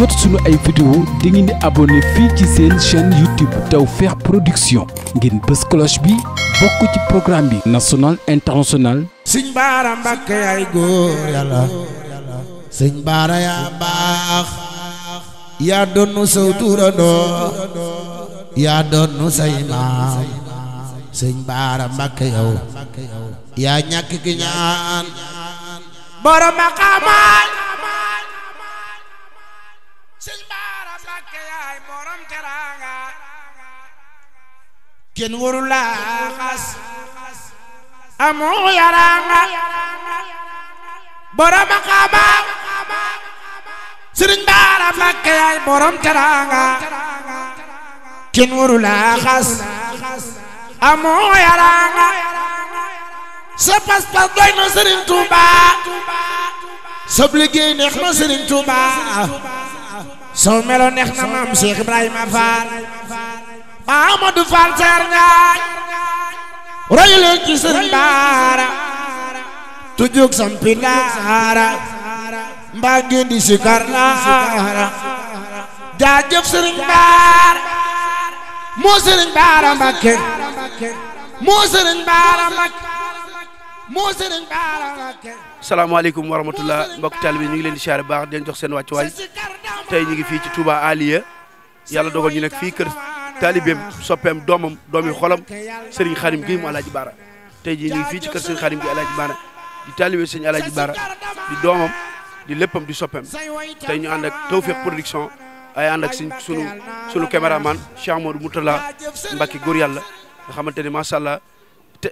jot suñu ay vidéo da ngeen di abonné fii ci seen chaîne YouTube Tawfekh Production ngeen bës cloche bi bokk ci programme bi national international sëñ Baara Mbàkke yaay góor yàlla sëñ Baara yaa baax yaa doonu saw tuurandoo yaa doonu say maam sëñ Baara Mbàkke yow yaa ñàkk ki ñaan borom maqaamaan kenn waru laa xas amoo yaraanga borom xaaba sëriñ baara fàkk yaay borom teraanga kenn waru laa xas amoo yaraanga sa pas-pas doy na sëriñ Tuuba sob liggéey neex na sëriñ Tuuba na maam Cheikh Ibrahima Fall Mamadou Fall Sarr Ngaay roy leen ci sëriñ Baara tu jóg sampi daara mbaa di sikar daara jaajëf sëriñ Baara moo sëriñ Baara Mbakke moo sëriñ Baara Mbakke moo sëriñ Baara Mbakke salaamaaleykum wa rahmatullah mbokk taalibe ñu ngi leen di siyaare baax di leen seen wàccuwaay tey ñu ngi fii ci Touba Aliya yàlla dogal nekk fii kër taalibeem soppeem doomam doomi xolam Serigne Xarim Gueye mu Alaaji te tey jii nii fii ci kër Serigne Xarim Gueye Alaaji Baara di taalibe Serigne Alaaji Baara di doomam di léppam di soppeem tey ñu ànd ak Tawfekh Production ay ànd ak suñ sunu sunu caméraman Cheikh Amadou Moutala Mbacke góor yàlla nga xamante ni macha allah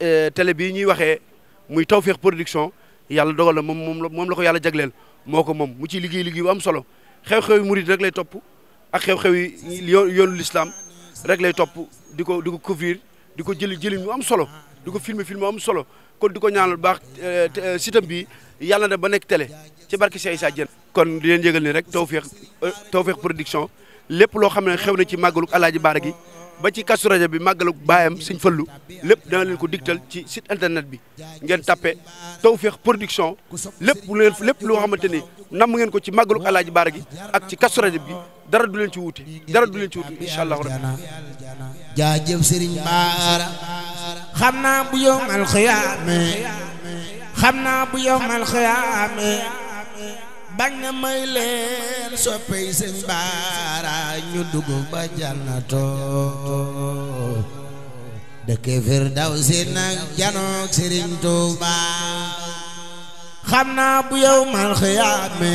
euh, télé bii ñuy waxee muy Tawfekh Production yàlla dogal na moom moom moom la ko yàlla jagleel moo ko moom mu ci liggéey liggéey bu am solo xew-xew murid rek lay topp ak rek lay topp di ko di ko couvrir di ko jëli jëli mu am solo di ko filmer film mu am solo kon di ko ñaanal baax eh, eh, sitam bi yàlla na ba nekk télé ci barke Cheikh Issa Diène kon di leen yëgal ni rek Tawfekh eh, Tawfekh Production lépp loo xam ne xew na ci màggaluk alaaji baara gi ba ci kasu rajo bi màggaluk baayam sëñ fallu lépp dana leen ko digtal ci site internet bi ngeen tàppe Tawfekh Production lépp lu leen lépp loo xamante ni nam ngeen ko ci màggaluk alaaji baara gi ak ci kasu rajo bi dara du leen ci wuti dara du leen ci wuute incha allahu rabbi jaajëf sëriñ baara xam naa bu yowmal ba nga may leen soppey sëñ baara ñu dugg ba jànnato dëkk firdawsi nag janook sëriñ Tuuba xam naa bu yow mal xiyaame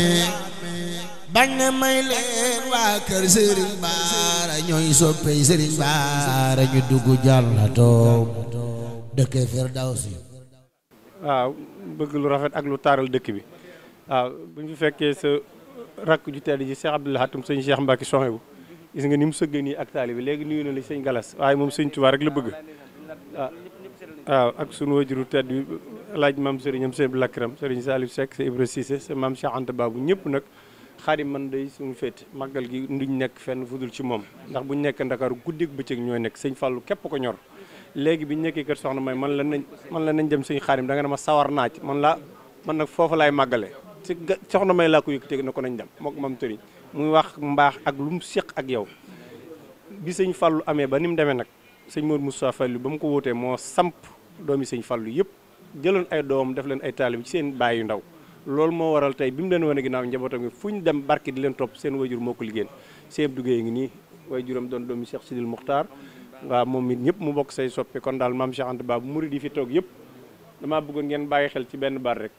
bañ na may leen waa kër sëriñ baara ñooy soppey sëriñ baara ñu dugg jànnato dëkk firdawsi waaw bëgg lu rafet ak lu taaral dëkk bi waaw ah, bu ñu fekkee sa rakk ju tedd ji Cheikh Abdoul Hatim sëñ Cheikh Mbacke soxna bu gis nga ni mu sëggee nii ak taali bi léegi nuyu na la sëñ Galas waaye moom sëñ Tuubaa rek la bëgg ah, waaw ak sunu wajuru tedd bi laaj maam sëriñam sëñ Lakram sëriñ Salif Seck sa Ibra Cissé sa maam Cheikh Anta Babou ñëpp nag xaadim man day suñu féete màggal gi duñ nekk fenn fudul ci moom ndax buñ nekk Ndakaaru guddeeg bëccëg ñooy nekk sëñ Fallou képp ko ñor léegi biñ nekkee kër soxna may man la nañ man la nañ dem sëñ xaadim danga nga ne ma sawar naaj man la man nag foofu laay màggale ci soxna may laa ko yëkkatee na ko nañ dem mook mam tëriñ mu wax mbaax ak lu mu seq ak yow bi sëñ fàllu amee ba ni mu demee nag sëñ Mor Moussa Fallou ba mu ko wootee moo samp doomi sëñ fàllu yëpp jëloon ay doomam def leen ay taalib ci seen baay yu ndaw loolu moo waral tey bi mu leen wane ginnaaw njabootam gi fu ñu dem barke di leen topp seen wayjur moo ko liggéeyal seen duggee ngi nii wayjuram doon doomi Cheikh Sidil Muxtaar waaw moom it ñëpp mu bokk say soppi kon maam Cheikh Anta Ba yi fi toog yëpp damaa bëggoon ngeen bàyyi xel ci benn baat rek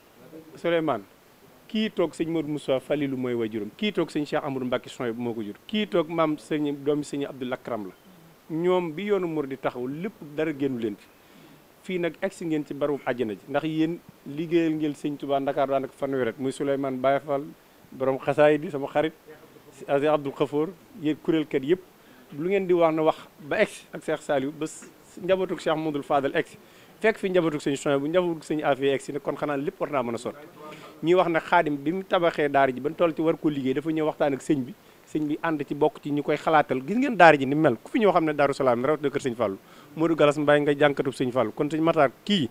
Souleymane kii toog sëñ Modou Moussa Falilou mooy waajuram kii toog sëñ Cheikh Amadou Mbacke Soy bu moo ko jur kii toog maam sëñ doomi sëñ Abdoul Akram la ñoom bi yoonu mur di taxaw lépp dara génnu leen fii nag egsi ngeen ci barab àjjana ji ndax yéen liggéeyal ngeen sëñ Touba Ndakaar daanaka fanweeri at muy Souleymane Baye Fall borom xasaay di sama xarit Aziz Abdoul Khafour yéen ket yëpp lu ngeen di wax na wax ba egsi ak Cheikh Saliou ba njabootu Cheikh Modou Fadal egsi fekk fi njabootug sëñ Souhaïbou bu njabootug sëñ Afia egg si ne kon xanaa lépp war naa mën a sotti ñuy wax ne xaadim bi mu tabaxee daara ji ban toll ci war ko liggéey dafa ñëw waxtaan ak sëñ bi sëñ bi ànd ci bokk ci ñu koy xalaatal gis ngeen daar ji ni mel ku fi ñoo xam ne Daaru Salaam rawat na kër sëñ Fallou Modou Galas Mbaye nga jànkatub sëñ Fallou kon sëñ Matar kii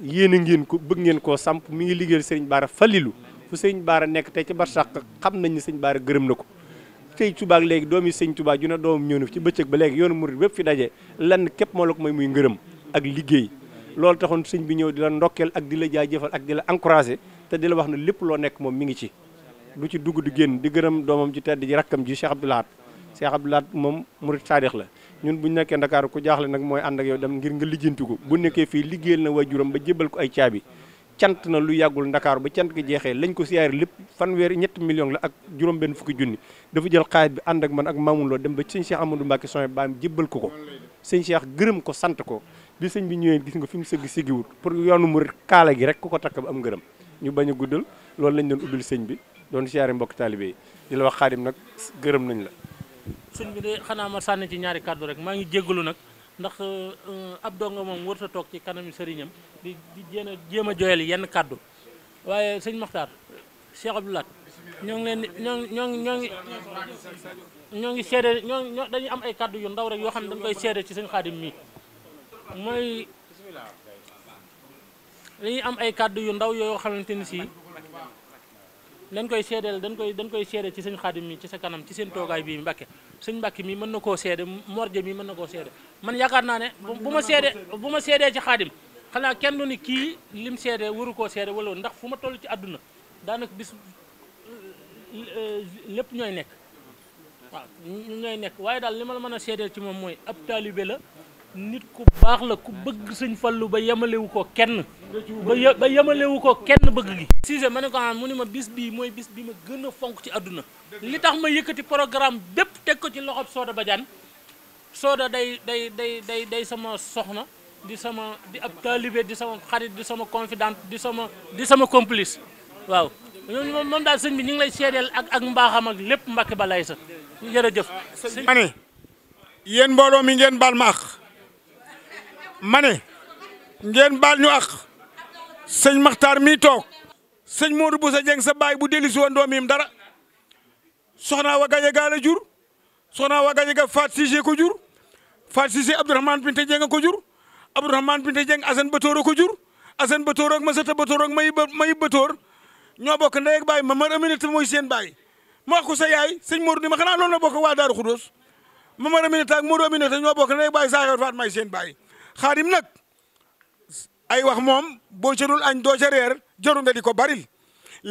yéen ngeen ko bëgg ngeen koo samp mi ngi liggéeyal sëriñ Baara Falilu fu sëriñ Baara nekk tey ci barsàq xam nañ ne sëriñ gërëm na ko tey tubaak léegi doomi sëriñ Tubaa ju ne doomam ñëw ci bëccëg ba léegi yoonu murit wépp fi daje lenn képp moo la ko may muy ngërëm ak liggéey loolu taxoon sëñ bi ñëw di la ndokkeel ak di la jaajëfal ak di la encouragé te di la wax na lépp loo nekk moom mi ngi ci du ci dugg du génn di gërëm doomam ci tedd ji rakkam ji Cheikh bi laat Cheikh Abdoul Ahad moom murit saadix la ñun bu ñu nekkee Ndakaaru ku jaaxle nag mooy ànd yow dem ngir nga lijjanti ko bu fii liggéeyal na waajuram ba jébbal ko ay caabi cant na lu yàggul Ndakaaru ba cant gi jeexee lañ ko siyaare lépp fanweeri ñetti million la ak juróom benn fukki junni dafa jël xaalis bi ànd ak man ak Mamoun dem ba siñ Cheikh Amadou Mbacke soé baam jébbal ko ko sëñ Cheikh gërëm ko sant ko bi sëñ bi ñëwee gis nga fi mu sëgg siggiwut pour yoonu murit kaala gi rek ku ko takk ba am ngërëm ñu bañ a guddal loolu lañ doon ubbil sëñ bi doon siyaare mbokk taalibe yi di la wax xaadim nag gërëm nañ la sëñ bi de xanaa ma sànni ci ñaari kàddu rek maa ngi jéggalu nag ndax euh, ab donga moom warut sa toog ci kanami sëriñam di di jéem a jéem a joyal yenn kàddu waaye sëñ Maxtaar Cheikh Abdoulaat ñoo ngi leen ñoo ngi ñoo ngi ñoo ngi ñoo ngi seede ñoo ngi dañuy am ay kàddu yu ndaw rek yoo xam ne dañ koy seede ci sëñ xaadim mooy dañuy am ay kàddu yu ndaw yoo xamante ni si dañ koy seedeel dañ koy dañ koy seede ci sëñ xaadim mi ci sa kanam ci seen toogaay bii Mbàkke sëñ Mbàkke mi mën na koo seede morje mi mën na koo seede man yaakaar naa ne bu ma seede bu ma seedee ci xaadim xanaa kenn du ni kii lim seede waru koo seede wala ndax fu ma toll ci àdduna daanaka bis euh, lépp ñooy nekk waaw ñooy nekk waaye daal li ma la mën a seedeel ci moom mooy ab taalibe la nit ku baax la ku bëgg sëñ Fallu ba yemalewu ko kenn ba yemalewu ko kenn bëgg gi Cissé ma ne ko ah mu ni ma bis bii mooy bis bi ma gën a fonk ci àdduna li tax ma yëkkati programme bépp teg ko ci loxob Soda Badiane Soda day day day day day sama soxna di sama di ab taalibe di sama xarit di sama confidente di sama di sama complice waaw moom daal sëñ bi ñu ngi lay seedeel ak ak mbaaxam ak lépp Mbàkke ba lay sa jërëjëf ah, ma ne yéen mbooloo mi ngeen baal ma ne ngeen baal ñu ak sëñ Maxtaar mii toog sëñ Modou Boussa Dieng sa baay bu dellusi woon doom dara soxna wa gaje gaa jur soxna wa gaje ga Faat Cissé ko jur Faat Cissé Abdourahmane Binta Dieng ko jur Abdourahmane Binta Dieng Assane Batoor ko jur Assane Batoor ak Masata Batoor ak May May Batoor ñoo bokk ndey ak baay ma Mamar Aminata mooy seen baay ma wax ko sa yaay sëñ Modou ni ma xanaa loolu la bokk waa Daaru Xudóos Mamar Aminata ak Modou Aminata ñoo bokk ndey ak baay Saakar Faat may seen baay xaadim nag ay wax moom boo jërul añ doo ca reer jëru nga di ko baril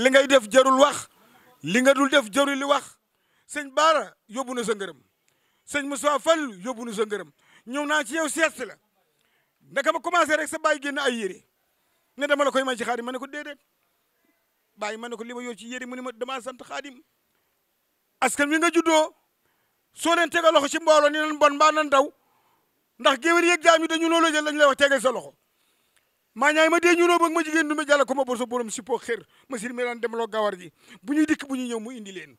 li ngay def jarul wax li nga dul def jërul li wax sëñ Baara yobu na sa ngërëm sëñ Moussa Fall yóbbu na sa ngërëm ñëw naa ci yow sieste la ndaka ma commencé rek sa bàyyi génn ay yére ne dama la koy may ci xaadim ma ne ko déedéet bàyyi ma ne ko li ma yor ci yére mu ni ma damaa sant xaadim askan wi nga juddoo soo leen tegal loxo ci mbooloo ni leen bon mbaa nan daw ndax géwél yeeg jaam yi dañu loola jël lañu lay wax tegal sa loxo maa ma dee ñunoo bëgg ma jigéen du ko ma bor sa borom sippo xër ma sir mi dikk bu ñuy ñëw mu indi leen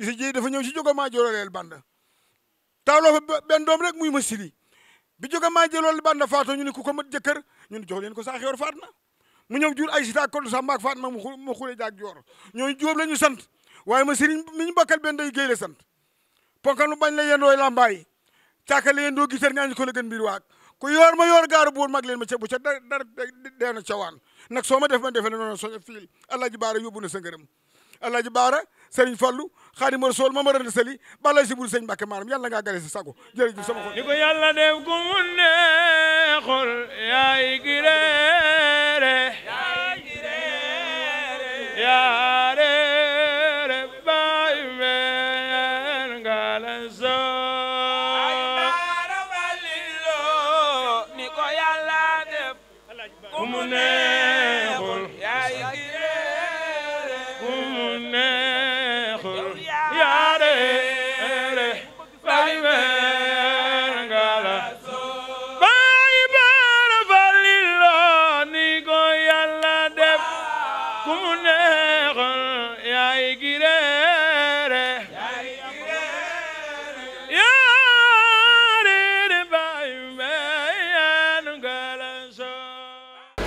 Issa Dieye dafa ñëw si jóga maa jololeel banda taaloo fa benn doom rek muy ma siri bi jóga maa jolool banda faatoo ñu ne ku ko mat jëkkër ñu ne jox leen ko saa xewar faat ñëw jur ay sa mbaak faat ma ma xule jaag joor ñu sant waaye ma siri mi ñu bokkal benn day géy la sant ponkal mu bañ la yendooy lambaay càkkale yéen doo gis rek ñaañu ko la gën biir waag yoor ma yoor gaaru buur mag leen ma ca bu ca dara dara dee na cawaan nag soo ma def ma defe ne noonu soño fiil alaaji baara yóbbu na sa ngërëm alaaji baara sëriñ fallu ma marana sali balay si bur sëñ mbàkke maaram yàlla ngaa gale si sago jërëjëf sama ni ko yàlla def ku mu neexul yaay gireere Amen.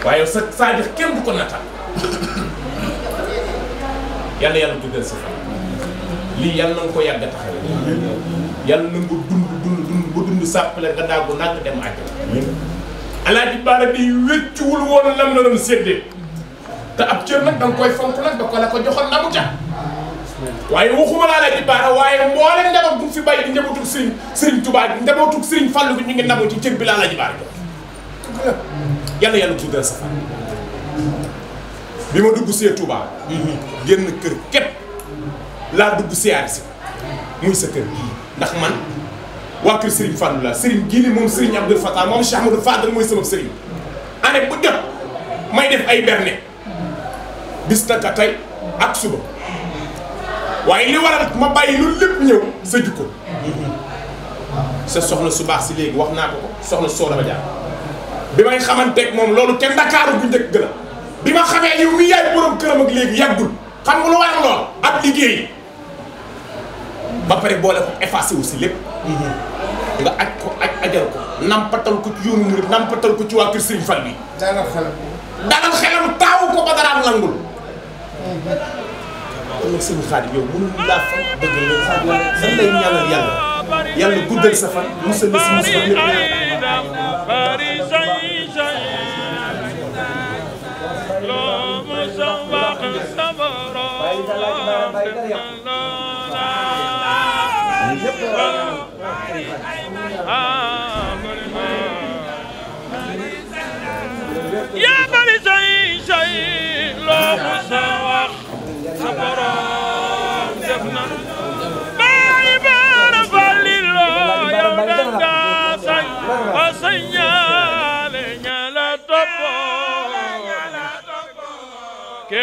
waaye sa saadix kenn bu ko nattal yàlla yàlla dugal sa fan lii yàlla na nga ko yàgg a taxaw yàlla na nga dund dund dund ba dund sàppale nga daagu nàkk dem àjjana alaaji baara bi wéccuwul woon lam la doon séddee te ab cër nag da nga koy fonk nag da ko la ko joxoon na mu ca waaye waxuma laa la ji baara waaye mboolem njaboot bu fi bàyyi di njabootug sëriñ sëriñ Tuubaa di njabootug sëriñ Fàllu bi ñu ngi nabu ci cër bi laa la ji baara yàlla yàlla guddal sa bi ma dugg see Touba génn kër képp laa dugg siyaar si muy sa kër ndax man waa kër Serigne Fallou la Serigne gii li moom Serigne Abdoul Fatah moom Cheikh Amadou mooy sama Serigne bu jot may def ay berne bis naka tey ak suba waaye li waral ma bàyyi lu lépp ñëw sa jukko sa soxna su baax si léegi wax naa ko ko soxna soo dama jaar bi may xamanteeg moom loolu kenn ndakaaru bu njëkk la bi ma xamee yow mi yaay borom këram ak léegi yàggul xam nga lu waral lool ab liggéey ba pare boole ko effacé si lépp nga aj ko aj ajal ko ci yoonu murid ko ci bi dalal xelam dalal xelam taawu ko ba daraam langul kon nag Serigne Khadim yow mënul laa fa dëgg la xam nga lan lay ñaanal yàlla yàlla guddal sa fan musal la شيء شيء لو مسوق صبر يا بني شيء شيء لو مسوق صبر